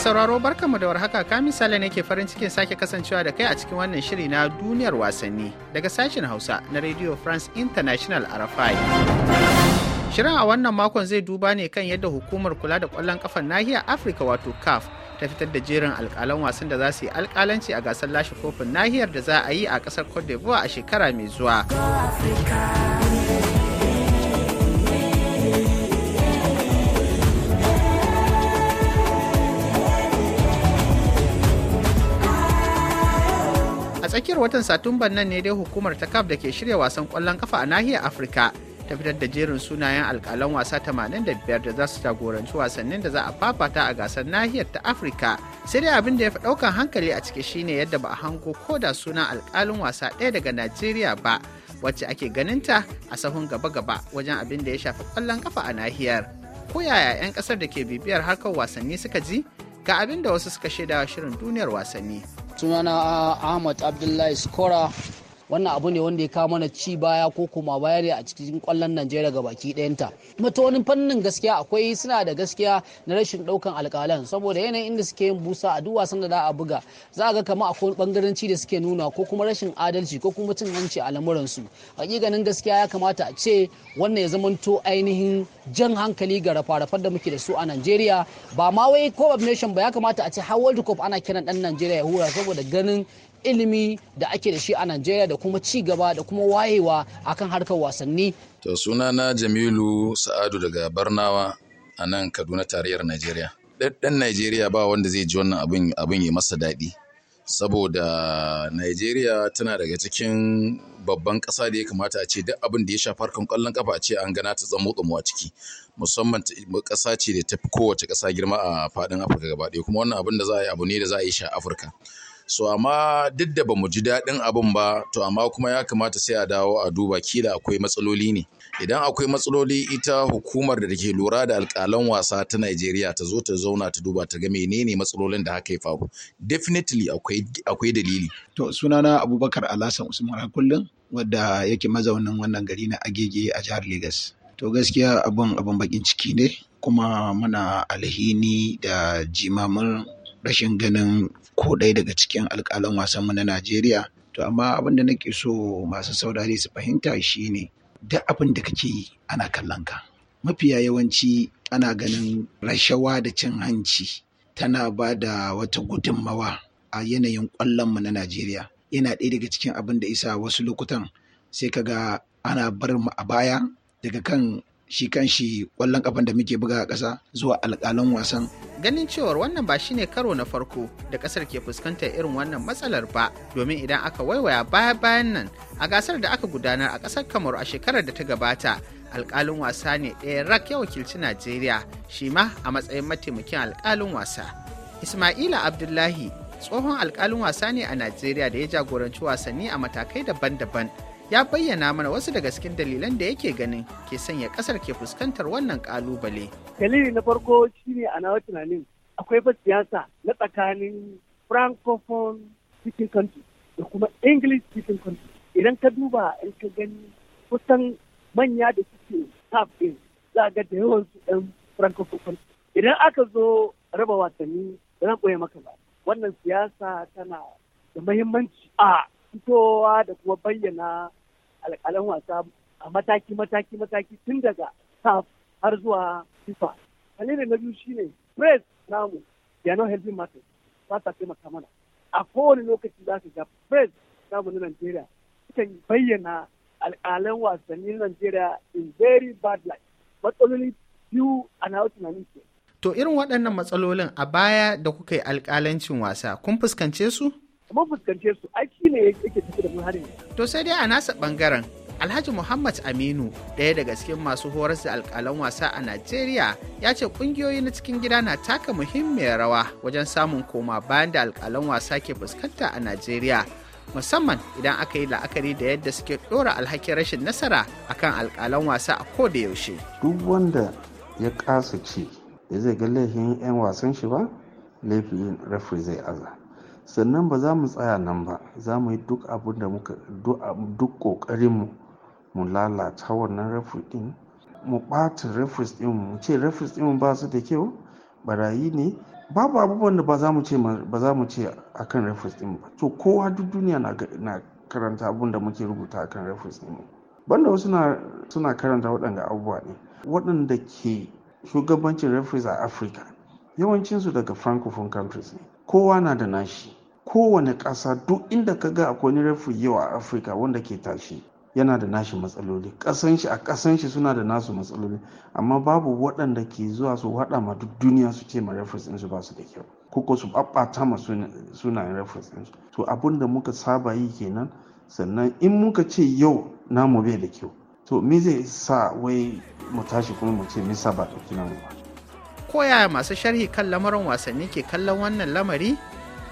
sauraro barkanmu da warhaka ka misali ne ke farin cikin sake kasancewa da kai a cikin wannan shiri na duniyar wasanni daga sashen Hausa na Radio France International RFI. Shirin a wannan makon zai duba ne kan yadda hukumar kula da kwallon kafar nahiyar Afirka wato CAF ta fitar da jerin alkalan wasan da za su yi alkalanci a gasar lashe kofin nahiyar da za a yi a kasar Cote d'Ivoire a shekara mai zuwa. tsakiyar watan satumban nan ne dai hukumar ta kaf da ke shirya wasan kwallon kafa a nahiyar afirka ta fitar da jerin sunayen alkalan wasa 85 da za su jagoranci wasannin da za a fafata a gasar nahiyar ta afirka sai dai abin da ya fi daukan hankali a ciki shine yadda ba a hango ko da sunan alkalin wasa ɗaya daga najeriya ba wacce ake ganinta a sahun gaba-gaba wajen abin da ya shafi kwallon kafa a nahiyar ko yaya 'yan kasar da ke bibiyar harkar wasanni suka ji ga abin da wasu suka shaidawa shirin duniyar wasanni sunana ah, ahmad abdullahi skora wannan abu ne wanda ya kawo mana ci baya ko kuma baya ne a cikin kwallon najeriya ga baki ɗayanta ta wani fannin gaskiya akwai suna da gaskiya na rashin ɗaukan alƙalan saboda yanayin inda suke yin busa a duk wasan da za a buga za ga kamar akwai bangaranci da suke nuna ko kuma rashin adalci ko kuma cin hanci a lamuransu hakikanin gaskiya ya kamata a ce wannan ya zamanto ainihin jan hankali ga rafa-rafar da muke da su a najeriya ba ma wai ko nation ba ya kamata a ce har world cup ana kiran dan najeriya ya hura saboda ganin ilimi da ake da shi a Najeriya da kuma ci gaba da kuma wayewa akan harkar wasanni. To na Jamilu Sa'adu daga Barnawa a nan Kaduna tarayyar Najeriya. Ɗan Najeriya ba wanda zai ji wannan abin abin ya masa daɗi. Saboda Najeriya tana daga cikin babban ƙasa da ya kamata a ce duk abin da ya shafi harkar ƙwallon ƙafa a ce an gana ta tsamo tsamo a ciki musamman ƙasa ce da ta fi kowace ƙasa girma a faɗin Afirka gaba ɗaya kuma wannan abin da za a yi abu ne da za a yi shi a Afirka. so amma duk da bamu ji daɗin abin ba to amma kuma ya kamata sai a dawo a duba kila akwai matsaloli ne idan akwai matsaloli ita hukumar da take lura da alƙalan wasa ta Najeriya ta zo ta zauna ta duba ta ga menene matsalolin da haka ya faru definitely akwai dalili to sunana Abubakar Alhassan Usman kullum wadda yake mazaunin wannan gari na Agege a jihar Legas. to gaskiya abin abin bakin ciki ne kuma muna alhini da jimamin rashin ganin ko ɗaya daga cikin alƙalan wasanmu na Najeriya. To amma abin da nake so masu saurare su fahimta shi ne. duk abin da kake yi ana kallon ka. Mafiya yawanci ana ganin rashawa da cin hanci tana ba da wata gudunmawa a yanayin ƙwallonmu na Najeriya. Yana ɗaya daga cikin abin da isa wasu lokutan sai ka ga ana bar mu a baya daga kan shi kan shi ƙwallon kafan da muke buga a ƙasa zuwa alƙalan wasan. Ganin cewar wannan ba shine karo na farko da ƙasar ke fuskantar irin wannan matsalar ba domin idan aka waiwaya baya bayan nan a gasar da aka gudanar a ƙasar Kamaru a shekarar da ta gabata alƙalin wasa ne ɗaya rak ya wakilci Najeriya shi ma a matsayin mataimakin alƙalin wasa. Ismaila Abdullahi tsohon alƙalin wasa ne a Najeriya da ya jagoranci wasanni a matakai daban-daban ya bayyana mana wasu daga cikin dalilan da yake ganin ke sanya kasar ke fuskantar wannan kalubale. Dalili na farko shine a nawa tunanin akwai ba siyasa na tsakanin francophone speaking country da kuma english speaking country. Idan ka duba in ka gani kusan manya da suke tafin din za ga da yawan su ɗan francophone. Idan aka zo raba wasanni zan koya maka ba. Wannan siyasa tana da mahimmanci a fitowa da kuma bayyana alƙalan wasa a mataki mataki mataki tun daga saf har zuwa fifa dalilin na biyu shine press namu ya no helping matters ba ta taimaka mana a kowane lokaci za su ga press namu na Najeriya sukan bayyana alƙalan wasannin Najeriya in very bad light matsaloli biyu a na wata To irin waɗannan matsalolin a baya da kuka yi alƙalancin wasa kun fuskance su? mun fuskance su aiki ne yake tafi da mu ne. to sai dai a nasa bangaren Alhaji Muhammad Aminu ɗaya daga cikin masu horar da alƙalan wasa a Najeriya ya ce ƙungiyoyi na cikin gida na taka muhimmiyar rawa wajen samun koma bayan da alƙalan wasa ke fuskanta a Najeriya musamman idan aka yi la'akari da yadda suke ɗora alhakin rashin nasara a kan alƙalan wasa a ko da yaushe. Duk wanda ya kasa ce ya zai ga laifin 'yan wasan shi ba laifin rafi zai aza. sannan ba za mu tsaya nan ba za mu yi duk abin da muka duk ƙoƙarinmu mu lalata wannan refus ɗin mu ɓata refus ɗin mu ce refus ɗin ba su da kyau barayi ne babu abubuwan da ba za mu ce a kan refus din ɗin ba to kowa duk duniya na karanta abin da muke rubuta a refus din ɗin banda wasu suna karanta waɗanda abubuwa ne waɗanda ke shugabancin refus a afirka yawancinsu daga francophone countries ne kowa na da nashi kowane ƙasa duk inda ka ga akwai wani yau a afirka wanda ke tashi yana da nashi matsaloli ƙasan a ƙasan shi suna da nasu matsaloli amma babu waɗanda ke zuwa su haɗa ma duk duniya su ce ma reference ɗinsu ba su da kyau ko su ɓaɓɓata ma sunayen reference ɗinsu to abin da muka saba yi kenan sannan in muka ce yau namu bai da kyau to me zai sa wai mu tashi kuma mu ce misa ba ɗauki namu ba koya masu sharhi kan lamarin wasanni ke kallon wannan lamari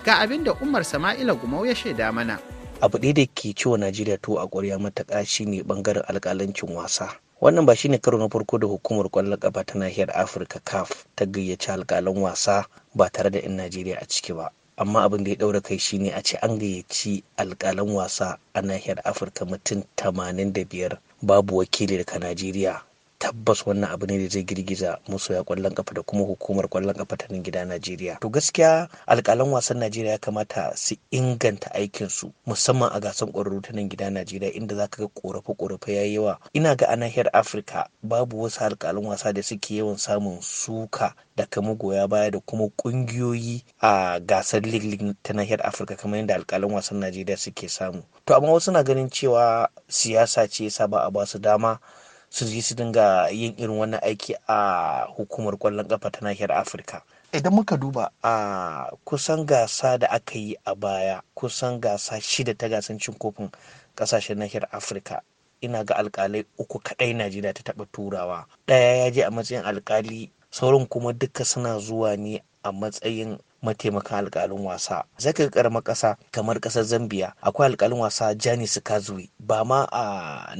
Ga abin da Umar Sama'ila Gumau ya shaida mana. Abu ɗaya da ke ciwo Najeriya to a ƙwarya matuƙa shine ɓangaren alƙalancin wasa. wannan ba shine karo na farko da hukumar kwallon ƙafa ta nahiyar afirka caf ta gayyaci alƙalan wasa ba tare da 'yan najeriya a ciki ba amma abin da ya ɗaura kai shine a ce an gayyaci alƙalan wasa a nahiyar afirka mutum 85 babu wakili daga najeriya tabbas wannan abu ne da zai girgiza masoya kwallon kafa da kuma hukumar kwallon kafa ta nan gida Najeriya. To gaskiya alƙalan wasan Najeriya ya kamata su inganta aikin su musamman a gasar ƙwararru ta nan gida Najeriya inda za ka ga ƙorafe ƙorafe yayi yawa. Ina ga a nahiyar Afirka babu wasu alƙalan wasa da suke yawan samun suka da kama magoya baya da kuma ƙungiyoyi a gasar lig ta nahiyar Afirka kamar yadda alƙalan wasan Najeriya suke samu. To amma wasu na ganin cewa siyasa ce yasa ba a ba dama su je su dinga yin irin wannan aiki a hukumar kwallon kafa ta nahiyar afirka idan muka duba a kusan gasa da aka yi a baya kusan gasa shida ta gasan cin kofin kasashen nahiyar afirka ina ga alkalai uku kadai najeriya ta taba turawa daya ya je a matsayin alkali sauran kuma duka suna zuwa ne a matsayin mataimakan alkalin wasa zaka ga karamar kasa kamar kasar zambia akwai alkalin wasa janis sukazuwi ba ma a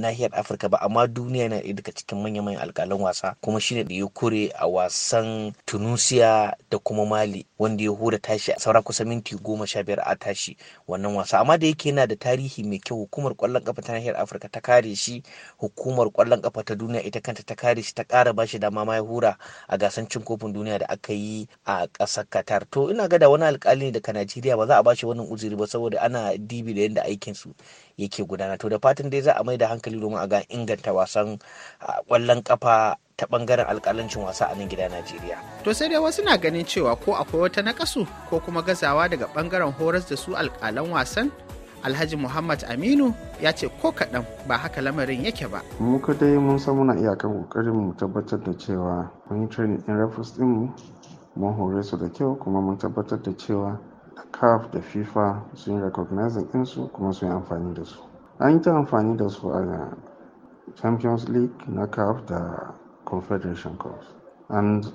nahiyar afirka ba amma duniya na ɗaya daga cikin manya-manyan alƙalan wasa kuma shine da ya kure a wasan tunisia da kuma mali wanda ya hura tashi a saura kusa minti goma sha biyar a tashi wannan wasa amma da yake yana da tarihi mai kyau hukumar ƙwallon ƙafa ta nahiyar afirka ta kare shi hukumar ƙwallon ƙafa ta duniya ita kanta ta kare shi ta ƙara ba shi dama ma ya hura a gasan cin kofin duniya da aka yi a ƙasar qatar to ina ga da wani alƙali daga najeriya ba za a ba shi wannan uzuri ba saboda ana dibi da yadda aikinsu yake gudana to da da fatan dai za a mai da hankali domin a ga inganta wasan kwallon kafa ta bangaren alkalancin wasa a nan gida Najeriya. To sai dai wasu na ganin cewa ko akwai wata nakasu ko kuma gazawa daga bangaren horas da su alkalan wasan Alhaji Muhammad Aminu ya ce ko kaɗan ba haka lamarin yake ba. Mu dai mun san muna iyakan kokarin mu tabbatar da cewa mun yi in refus din mu mun hore su da kyau kuma mun tabbatar da cewa da CAF da FIFA sun yi recognizing ɗinsu kuma sun yi amfani da su. an yi ta amfani da su a champions league na cup da confederation cup and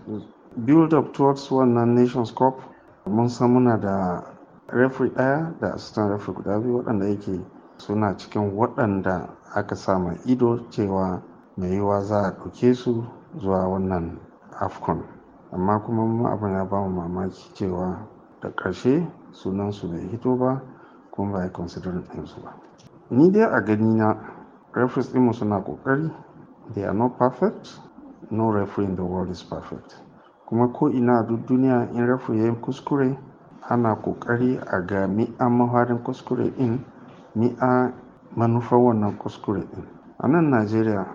build up towards wannan nations cup mun san muna da referee daya da assistant referee guda biyu waɗanda yake suna cikin waɗanda aka sama ido cewa mai yiwa za a ɗauke su zuwa wannan afcon amma kuma mu abin ya ba mu mamaki cewa da ƙarshe sunansu bai hito ba kuma ba ya considering ɗinsu ba ni dai a gani na referees ɗinmu suna ƙoƙari they are not perfect no referee in the world is perfect kuma ko ina duk duniya in referee yi kuskure ana ƙoƙari a ga mi'a maharin kuskure ɗin mi'a manufar wannan kuskure ɗin a nan najeriya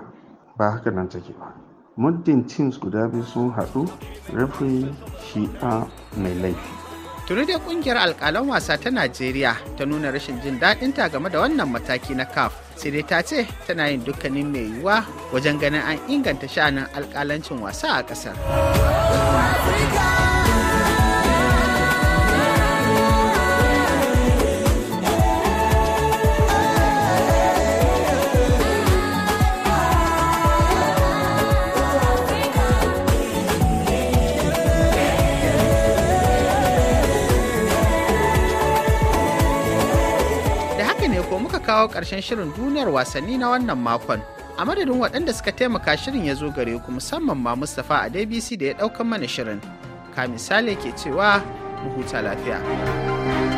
ba haka nan take ba muddin teams guda biyu sun haɗu referee shi'a mai laifi tuni dai kungiyar alkalan wasa ta najeriya ta nuna rashin jin daɗinta game da wannan mataki na caf sai dai ta ce tana yin dukkanin mai yiwuwa wajen ganin an inganta sha'anin alkalancin wasa a ƙasar. ne ko muka kawo ƙarshen shirin duniyar wasanni na wannan makon. A madadin waɗanda suka taimaka shirin ya zo gare ku musamman ma Mustapha a DBC da ya ɗaukan mana shirin. Ka misali ke cewa mu huta lafiya.